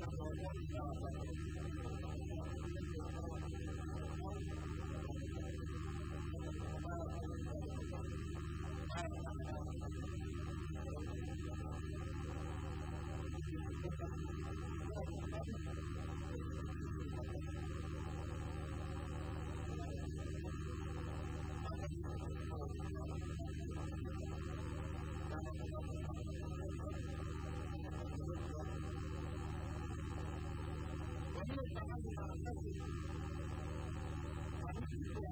やった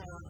uh,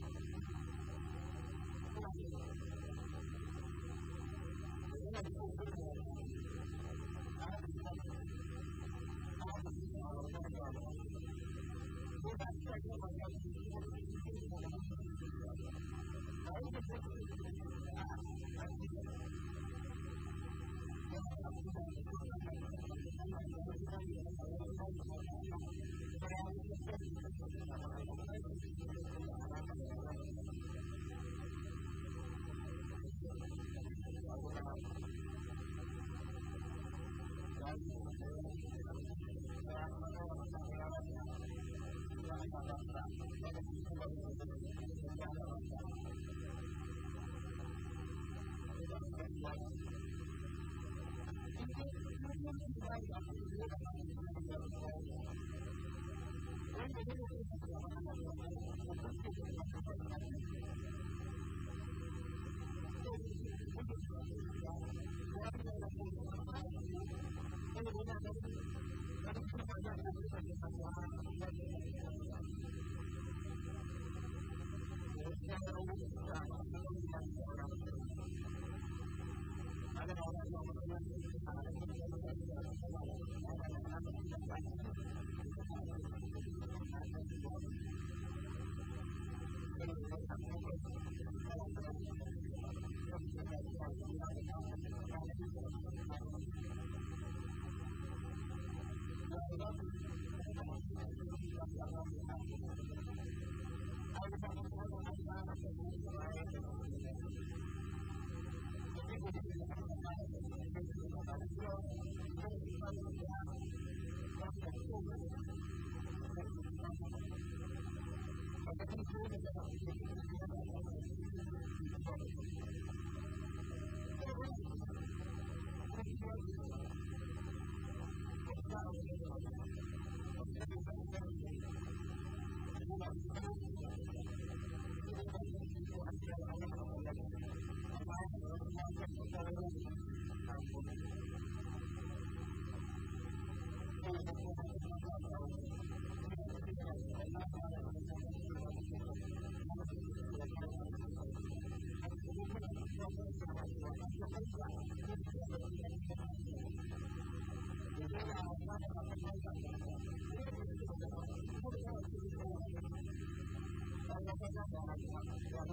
Thank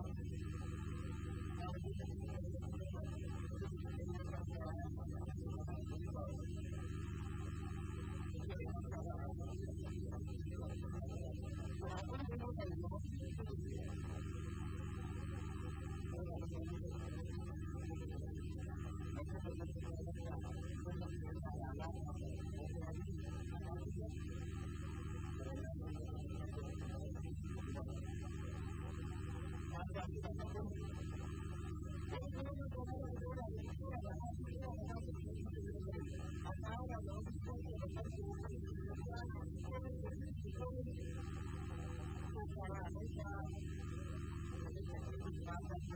you.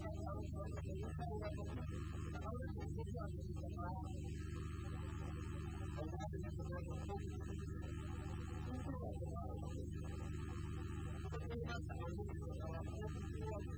Thank t o u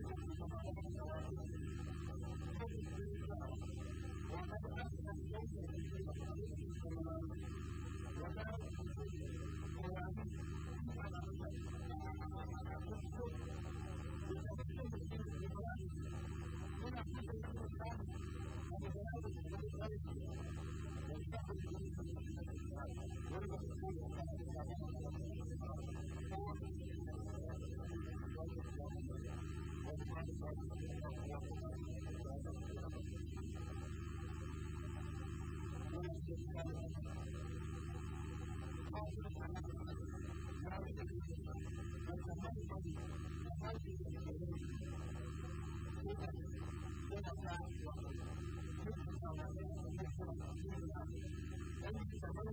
Thank you.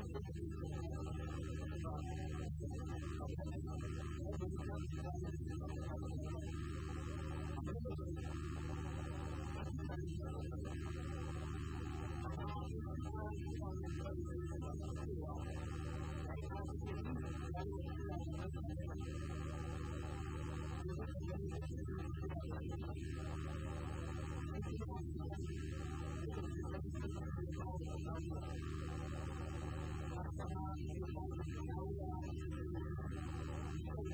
よし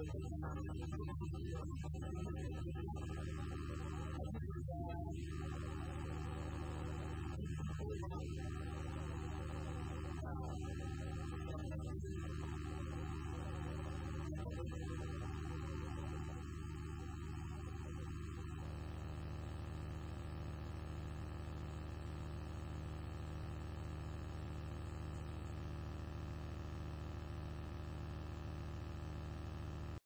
Thank you.